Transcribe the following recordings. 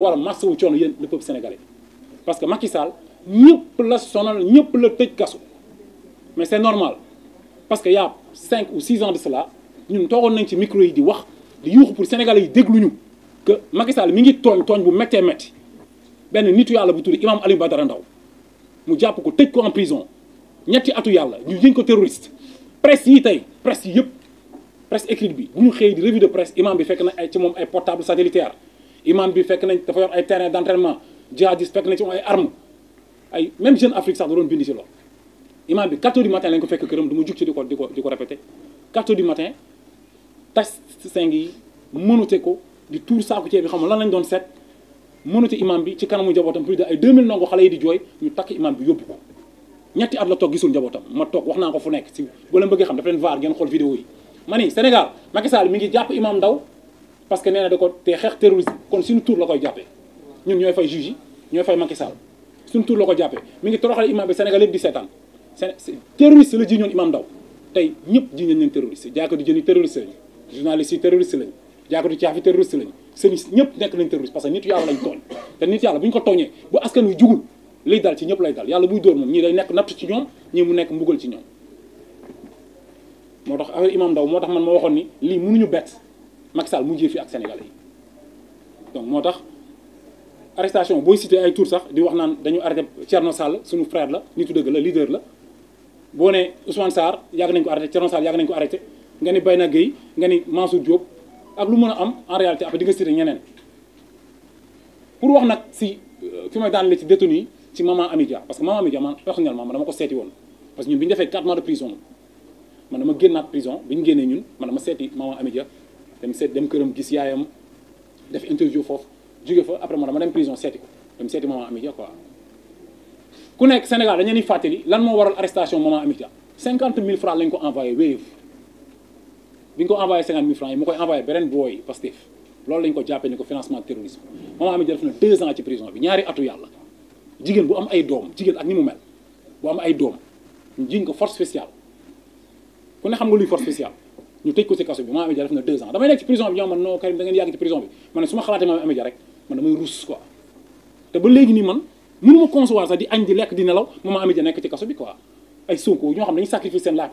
war a masawu coono yéen le peuple sénégalais parce que Macky Sall ñëpp la sonal ñëpp la tëj kasu mais c'est normal parce que yaa cinq ou six ans de cela ñun toogoon nañ ci micro yi di wax di yuuxu pour sénégalais yi dégluñu que Macky Sall mi ngi tooñ tooñ bu méttee métti benn nitu yàlla bu tudd imam Aliou Badara Ndaw mu jàpp ko tëj ko en prison ñetti atu yàlla ñu yëñ ko terroriste presse yi tey presse yi yëpp presse écrite bi bu ñu xëyee di revue de presse imam bi fekk na ay ay portable satellitaire imam bi fekk nañ dafa yor ay terrain d' entraînement fekk nañ ci moom ay armes ay même jeune Afrique sax da doon bind si loolu imam bi 4 heures du matin lañ ko fekk këram du mu jug ci di ko di ko di ko répété 4 heures du matin tas seng yi mënute ko di tuur saaku ceeb bi xam lan lañ doon seet mënute imam bi ci kanamu njabootam plus de ay 2000 ndongo xale yi di jooy ñu takk imam bi yóbbu ko ñetti at la toog gisul njabootam ma toog wax naa ko fu nekk si boo leen bëggee xam dafa leen vaar ngeen xool vidéo yi ma ni Sénégal mi ngi jàpp imam Ndao parce que nee na da ko te xeex terrorisme kon suñu tur la koy jàppee ñun ñooy fay juge yi ñooy fay Macky Sall suñu tur la ko jàppee mi ngi toroxale imam bi Sénégal yëpp di seetaan terroriste la ji ñoon imam tey ñëpp ji ñañ leen terroriste jaakatu jën yi terroriste lañu journaliste yi terroriste lañu jaakatu caaf yi terroriste lañu sëñ ñëpp nekk nañ terroriste parce que nit yàlla lañ tooñ te nit yàlla bu ñu ko tooñee bu askan ñëpp lay dal yàlla buy dóor moom nekk natt ci ñoom mu nekk mbugal ci ñoom moo tax affaire imam Ndao moo tax man ma waxoon ni lii mënuñu bett Macky Sall mujjee fi ak Sénégalais yi donc moo tax arrestation booy cité ay tur sax di wax naan dañu arrêté Thierno Sall suñu frère la nitu dëgg la leader la boo ne Ousmane Sarr yàgg nañ ko arrêté Thierno Sall yàgg nañ ko arrêté nga ni Bayna Gueye nga ni Mansour Diop ak lu mën a am en réalité après di nga cité ñeneen pour wax nag si euh, fi may daanale ci détenu yi ci maman Amidia parce que maman Amidia man personnellement man dama ko seeti woon parce que ñun bi ñu defee 4 mois de prison dem seet dem këram gis yaayam def interview foofu jóge fa après moo dama dem prison seeti ko dem seeti maman Amidia quoi ku nekk Sénégal dañu ni fàttali lan moo waral arrestation maman Amidia cinquante mille francs lañ ko envoyé wave bi ñu ko envoyé cinquante mille francs yi mu koy envoyé beneen booy Pastef lool lañ ko jàppee ni ko financement terrorisme maman Amidia def na deux ans ci prison bi ñaari atu yàlla jigéen bu am ay doom jigéen ak ni mu mel am ay doom ñu jiñ ko force spéciale ku ne xam nga luy force ñu tëj ko ci kaso bi Mame Amady Dia def na deux ans damay nekk ci prison bi ñoo man non ma xalaatee ma concevoir sax di añ di lekk di nelaw Mame Amady Dia nekk ci kaso bi quoi ay Sonko ñoo xam dañu sacrifice seen a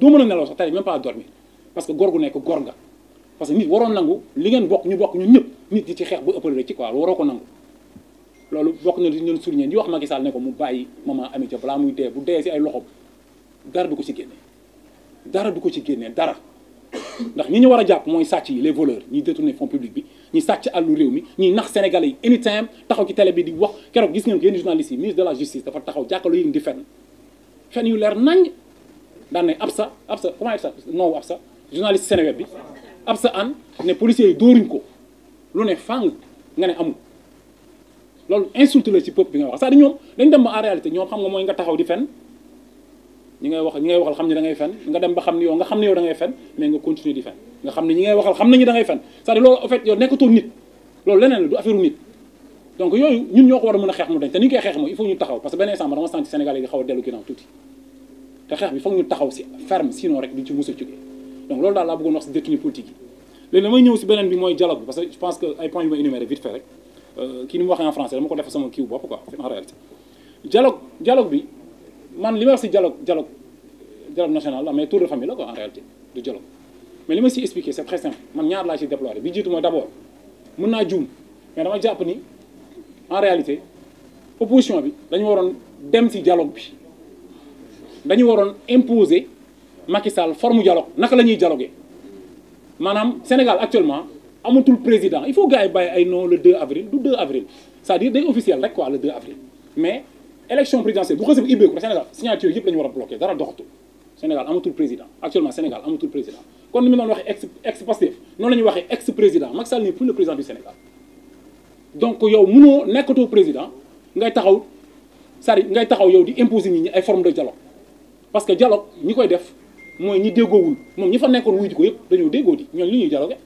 nelaw sax tey même pas dormir parce que góor gu ngeen bokk ñu bokk ñun ñëpp nit ci xeex ba ëppale rek ci na li ñun souligné di wax Macky Sall ne balaa muy dee bu dee si ay loxom dara du ko ci génne dara du ko ci génne dara ndax ñi ñu war a jàpp mooy sàcc yi les voleurs ñi détourné fonds public bi ñi sàcc àllu réew mi ñi nax sénégalais yi anytime taxaw ci tele bi di wax keroog gis ngeen ko yenn journalistes yi ministre de la justice dafa taxaw jàkkaarloo yéen di fenn fenn yu leer nañ daan ne Absa Absa comment ça non Absa journaliste Sénégal bi Absa an ne policier yi dóoruñ ko lu ne fàng nga ne amul loolu insulte la ci peuple bi nga wax cest à ñoom dañ dem a en réalité ñoom xam nga mooy nga taxaw di fenn ñi ngay wax ñi ngay waxal xam ne da ngay fen nga dem ba xam ne yow nga xam ne yow da fen mais nga continuer di fen nga xam ne ñi ngay waxal xam nañu da ngay fen cest à loolu en yow nekkatoo nit loolu leneen la du affaire nit donc yooyu ñun ñoo ko war a mën a xeex mu dañ te ni koy xeex mooy il faut ñu taxaw parce que benn a dellu ginnaaw tuuti te xeex bi foog si ferme sinon rek duñ ci mos a jógee donc loolu daal laa bëggoon wax si détenu politique yi léegi damay ñëw si beneen bi mooy dialogue que je pense que ay points yu ma énuméré vite euh, bi man li ma wax si dialogue dialogue dialogue national la mais tour de famille la quoi en réalité du dialogue mais li ma si expliqué c' est très simple man ñaar laa ci déployer bi jiitu mooy d' abord mën naa juum mais dama jàpp ni en réalité opposition bi dañu waroon dem si dialogue bi dañu waroon imposer Macky Sall forme dialogue naka la ñuy dialogué maanaam Sénégal actuellement amatul président il faut gars yi bàyyi ay non le avril du 2 avril c'est-à-dire day officiel rek quoi le avril mais. élection présidentielle bu xasee bu ubbeeku Sénégal signature yëpp la war a bloqué dara doxatul Sénégal amatul président actuellement Sénégal amatul président kon ni mu doon waxee ex ex président Macky Sall n'est plus le président du Sénégal donc yow mënoo nekkatoo président ngay taxaw sari ngay taxaw yow di imposer nit ñi ay forme de dialogue parce que dialogue ñi koy def mooy ñi déggoowul moom ñi fa nekkoon wuy ji ko yëpp dañoo déggoo di ñooñu li ñuy dialogue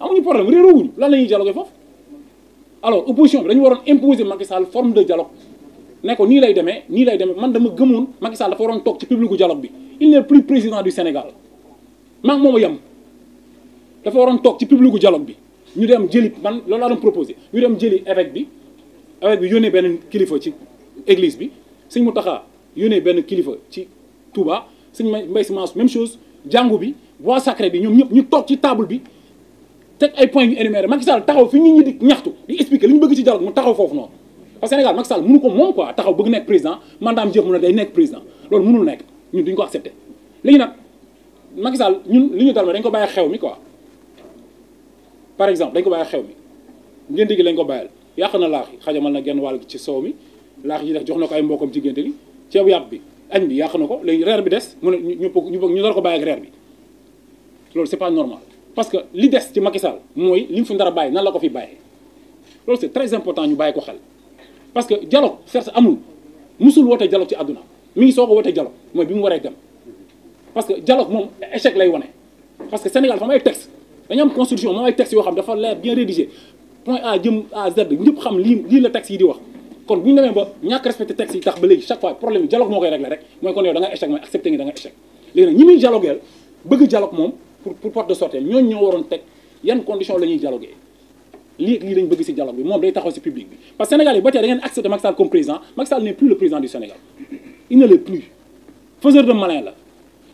amuñu problème lan la ñuy dialogue foofu alors opposition bi waroon imposer Macky forme de dialogue ne nii lay demee nii lay demee man dama gëmoon Macky Sall dafa waroon toog ci publicu dialogue bi il n'est plus président du Sénégal maa ngi moom a yem dafa waroon toog ci publiku dialogue bi ñu dem jëli man loolu laa doon proposé ñu dem jëli évêque bi évêque bi yónnee benn kilifa ci eglise bi sëñ Mountakha yónnee benn kilifa ci Touba sëñ Mbaye Sy Mansour même chose jàngu bi bois sacré bi ñoom ñëpp ñu toog ci taabul bi teg ay points yu énuméré Macky taxaw fi nit ñaxtu di expliquer li ñu bëgg mu taxaw foofu noonu parce que Sénégal Macky Sall mënu ko moom quoi taxaw bëgg nekk président mandaam jëf mu ne day nekk président loolu mënul nekk ñun duñu ko accepté léegi nag Macky Sall ñun li ñu dal dañ ko bàyyi xew mi quoi par exemple dañ ko bàyyi xew mi ngénte gi lañ ko bàyyal yàq na laax yi xajamal na genn wàll gi ci soow mi laax yi def jox na ko ay mbokkam ci ngénte gi ceebu yàpp bi añ bi yàq na ko léegi reer bi des mu ne ñu ñu dal ko bàyyi ak reer bi loolu c'est pas normal parce que li des ci Macky Sall mooy li mu fi ndara bàyyi nan la ko fi bàyyee loolu c'est très important ñu bàyyi ko xel parce que dialogue certes amul musul woote dialogue ci àdduna mi ngi soog a woote dialogue mooy bi mu waree dem parce que dialogue moom que Sénégal dafa am ay texte dañu am constitution moom ay texte yoo xam dafa leer bien rédigé point A jëm à Z ñëpp xam lii lii la texte yi di wax kon bu ñu demee ba ñàkk respecté texte yi tax ba léegi chaque fois problème dialogue moo koy réglé rek mooy kon yow da échec mooy accepté nga da échec léegi nag ñi muy dialogueel moom pour pour porte de sortie ñoo waroon teg yan condition la ñuy dialogué lii lii lañ bëgg si dialogue bi moom day taxaw ci public bi parce que Sénégal ba tey da ngeen accepté comme président Macky Sall plus le président du Sénégal il ne l'est plus faiseur de malin la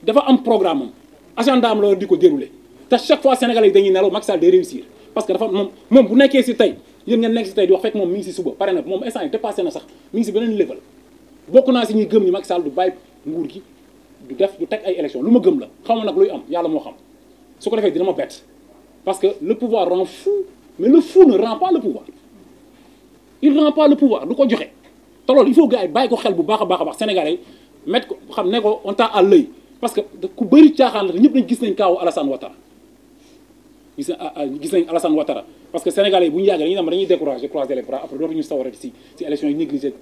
dafa am programme am agenda am la di ko dérouler te chaque fois Sénégalais yi dañuy nelaw Macky Sall day réussir parce que dafa moom moom bu nekkee ci tey yéen ngeen nekk ci tey di wax fekk moom mi ngi ci suba pare na moom instant yi dépassé na sax mi naa ci ñuy gëm ni Macky Sall du bàyyi nguur gi du def du teg ay élection lu ma gëm la xaw ma nag luy am yàlla moo xam su ko defee dina ma bett parce que le pouvoir rend fou mais la fou ne rend pas pouvoir il rend pas pouvoir du ko joxe te loolu il faut gars yi bàyyi ko xel bu baax a baax a baax sénégalais mettre ko xam ne ko on t'a à l'œil parce que ku bëri caaxaan la ñëpp nañ gis nañ kaawu Alassane Ouattara gis nañ ah, ah, gis nañ Alassane Ouattara parce que sénégalais yi bu ñu yàggee dañuy dem si élection yi négligé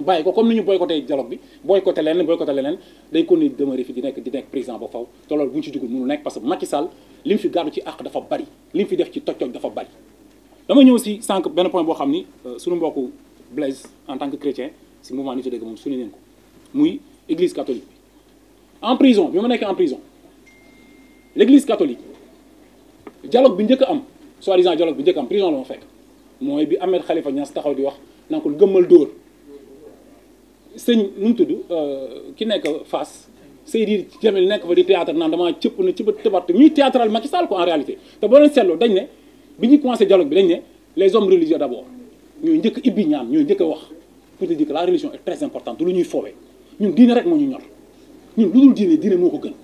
bàyyi ko comme ni ñu boycotté dialogue bi boycotté leneen boycotté leneen day continuer demeurer fi di nekk di nekk président ba faw te bu ñu ci dugul mënu nekk parce que Macky Sall dafa bari dama ñëw si sànq benn point boo xam ni euh, suñu mbokku Blaise en tant que chrétien si mouvement Nittu Dëgg moom suñu neen ko muy église catholique bi en prison bi ma nekkee en prison l'église catholique dialogue bi njëkk a am soi-disant dialogue bi njëkk am prison la ma fekk mooy bi Ahmed Khalifa Niass taxaw di wax naan ko gëmmal dóor sëñ nu mu tudd euh, ki nekk Fass Seydi Djamil nekk fa di théâtre naan damaa cëpp na cëpp tëbat ñuy théâtral Macky Sall ko en réalité te boo dañ ne bi ñuy commencé dialogue bi dañ ne les hommes religieux d' abord ñooy njëkk ibbi ñaan ñooy jëkk a wax pour te dire que la religion est très importante lu ñuy foowee ñun diine rek moo ñu ñor ñun lu dul diine diine moo ko gën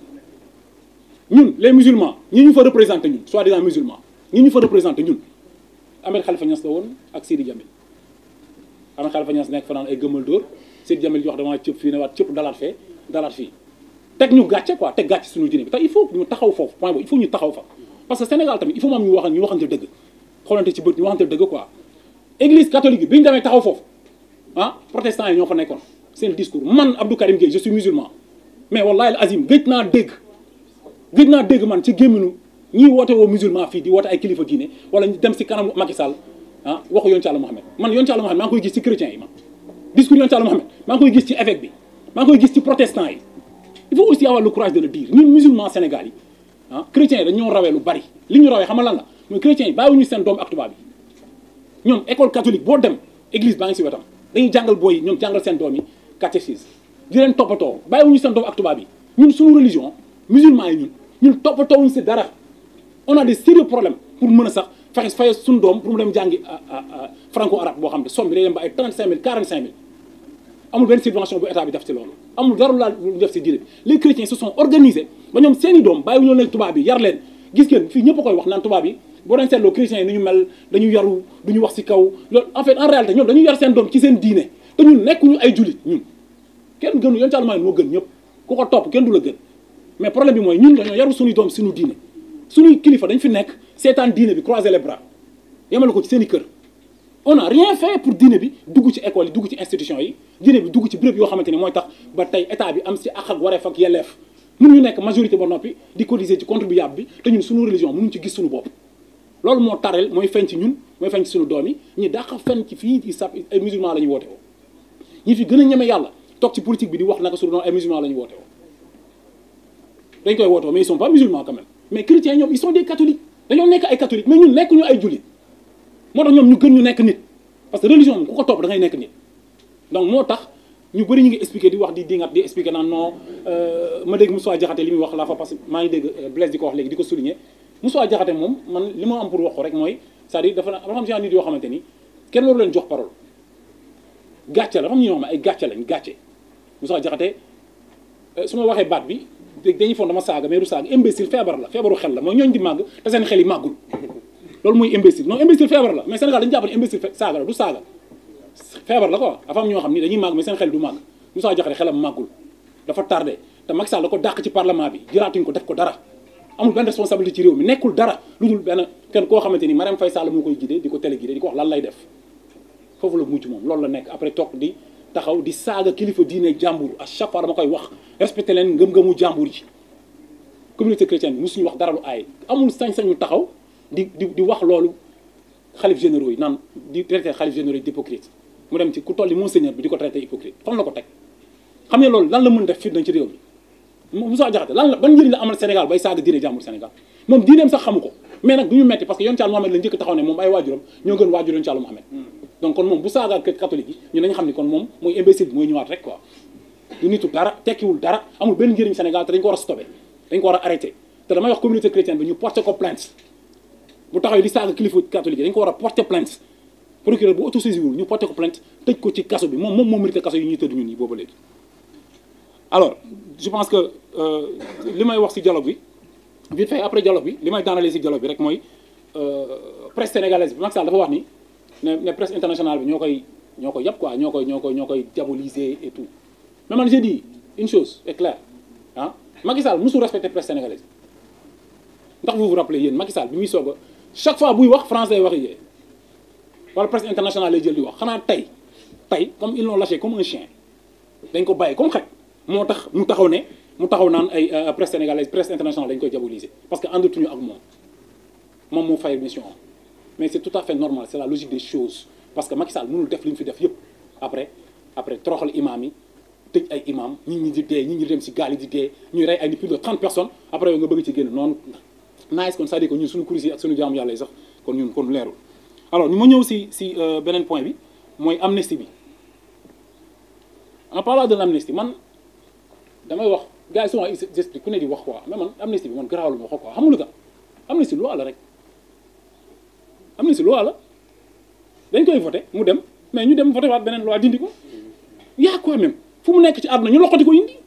ñun les musulmans ñi ñu fa représenté ñun soi-disant musulmans ñi ñu fa représenté ñun Ahmed Khalifa Niass la woon ak Sidi Jamil Ahmed Khalifa Niass nekk fanaan ay gëmal dóor Sidi Jamil di wax damaa cëpp fii ne waat cëpp dalaat fee dalaat fii teg ñu gàcce quoi teg gàcce suñu diine bi ñu taxaw foofu point ñu taxaw fa parce que Sénégal tamit il faut moom ñu wax ñu waxante dëgg xoolante ci bët ñu waxante dëgg quoi église catholique bi ñu demee taxaw foofu ah protestants yi ñoo fa nekkoon seen discours man Abdou Karim Gueye je suis musulman mais wallahi al azim naa dégg gëj naa dégg man ci gémminu ñiy woote woo musulman fii di woote ay kilifa diine wala ñu dem si kanamu Macky Sall ah, waxu yoon ci Àlla Muhammad man yoon ci Àlla Muhammad maa ngi koy gis ci chrétiens yi man discours bi maa gis ci protestants yi il faut aussi Sénégal yi ah chrétiens yi dañoo rawee lu bari li ñu rawee xam nga lan la mooy chrétiens yi bàyyiwuñu seen doom ak tubaab yi ñoom école catholique boo dem église baa ngi si wetam dañu jàngal booy yi ñoom jàngal seen doom yi catéchisme di leen toppatoo bàyyiwuñu seen doom ak tubaab yi ñun suñu religion musulman yi ñun ñun toppatoowuñu si dara on a des sérieux problèmes pour mën a sax fexe faye suñu doom pour mu dem jàngi ah, ah, ah, franco arabe boo xam ne somme bi day dem ba ay 35000 45000 amul benn subvention bi def ci loolu amul dara lu def si ba ñoom seen i doom bàyyiwu ñoo nekk tubaab yi yar leen gis ngeen fii ñëpp a koy wax naan tubaab yi boo leen seetloo chrétiens yi ni ñu mel dañu yaru duñu wax ci kaw loolu en fait en réalité ñoom dañu yar seen doom ci seen diine te ñun nekkuñu ay julit ñun kenn gënu yoon ci Allemagne moo gën ñëpp ku ko topp kenn du la gën mais problème bi mooy ñun dañoo yaru suñuy doom suñu diine suñuy kilifa dañ fi nekk seetaan diine bi croiser les bras yemale ko ci seen i kër on a rien fait pour diine bi dugg ci école yi dugg ci yi diine bi dugg ci béréb yoo xamante ni mooy tax ba tey état bi am si àq ak wareef ak yelleef mën ñu nekk majorité ba noppi di cotiser ci contribuable bi te ñun suñu religion mënuñu ci gis suñu bopp loolu moo taral mooy feeñ ci ñun mooy feeñ ci suñu doom yi ñi dàqa fenn ci fii ci sab ay musulman la ñu woote woo ñi fi gën a ñeme yàlla toog ci politique bi di wax naka suñu doon ay musulman la ñu woote woo dañ koy woote woo mais ils sont pas musulmans quand même mais chrétiens ñoom ils sont des dañoo nekk ay catholiques mais ñun nekkuñu ay jullit moo tax ñoom ñu gën ñu nekk nit parce que religion bi ko topp da nekk nit donc moo tax ñu bëri ñu ngi expliqué di wax di dingat di expliqué naan non euh, ma dégg Moussa Diakhaté li muy wax laa fa parce que maa ngi dégg euh, Blaise di ko wax léegi di ko souligné Moussa Diakhaté moom man li ma am pour wax rek mooy c'est-à-dire dafa dafa am genre nit yoo xamante ni kenn waru jox parole gàcce la dafa am ñoo xam ne ay gàcce lañ gàcce Moussa Diakhaté euh, su ma waxee baat bi dañuy foog dama saaga mais du saaga imbécile feebar la feebaru xel la mooy ñooñu di màgg te seen xel yi màggul loolu mooy imbécile non imbécile feebar la ko dafa am ñoo xam ni dañuy màgg mais seen xel du màgg Moussa Diakhaté xelam màggul dafa tardé te Macky Sall la ko dàq ci parlement bi jëlaatuñ ko def ko dara amul benn responsabilité ci réew mi nekkul dara lu dul benn kenn koo xamante ni Marème Faye Sall moo koy gidé di ko télé gidé di ko wax lan lay def foofu la mujj moom loolu la nekk après toog di taxaw di saaga kilifa diine jàmbur à chaque fois dama koy wax respecté leen ngëm-ngëmu jàmbur yi communauté chrétienne bi wax dara lu aay amul sañ-sañu taxaw di di di wax loolu xalif généraux yi naan di traité xalif généraux yi mu dem ci ku toll ni monseigneur bi di ko traité hypocrite fan la ko teg xam ne loolu lan la mën def fitna ci réew mi Moussa Diakhaté lan la ban njëriñ la amal Sénégal bay saaga diine jàmbur Sénégal moom diineem sax xamu ko mais nag du ñu metti parce que yoon Thial Mohamed la njëkk taxaw ne moom ay waajuram ñoo gën waajur yoon Thial Mohamed hmm. donc kon moom bu saaga catholique yi ñu nañ xam ni kon moom mooy imbécile mooy ñëwaat rek quoi du nitu dara amul benn njëriñ Sénégal te dañ ko a stoppé dañ ko a arrêté te damay di saaga kilifa catholique yi dañ war a porté plainte procureur bu autosaisir ñu porté ko plainte tëj ko ci kaso bi moom moom moo mérité kaso yi ñuy tëdd ñun yi booba léegi alors je pense que euh, li may wax ci dialogue bi vite fait après dialogue bi li may daanalee ci dialogue bi rek mooy euh, presse sénégalaise bi Macky Sall dafa wax ni ne ne presse bi ñoo koy ñoo koy yàpp quoi ñoo koy ñoo koy ñoo koy diaboliser et tout mais man j'ai dit une chose est claire ah Macky Sall musul respecter presse sénégalaise ndax vous vous rappelez yéen Macky Sall bi muy soog chaque fois buy wax français wax yee wala presse internationale lay jël di wax xanaa tey tey comme ils l'ont lâché comme un chien dañ ko bàyyi comme xaj moo tax mu taxaw ne mu taxaw naan ay euh, presse sénégalaise presse internationale dañ koy diaboliser parce que àndatuñu ak moom moom moo fay mission am mais c' est tout à fait normal c' la logique des choses parce que Macky Sall mënul def li mu fi def yëpp après après toroxal imaam yi tëj ay imaam ñi ñi di dee ñi ñi dem si gaal yi di dee ñuy rey ay ni bëgg ci génn noonu naagis kon suñu kurisi ak suñu jaamu yàlla yi kon ñun kon leerul alors ñu ma ñëw si si euh, beneen point bi mooy amnistie bi en parlant de l' amnistie man damay wax gars yi souvent ils expliquent ku ne di wax quoi mais man amnistie bi man garaawlu ma ko quoi xamul nga amnistie loi la rek amnistie loi la dañ koy voté mu dem mais ñu dem voté waat beneen loi dindi ko yaa quoi même fu mu nekk ci na ñu loxoti ko indi.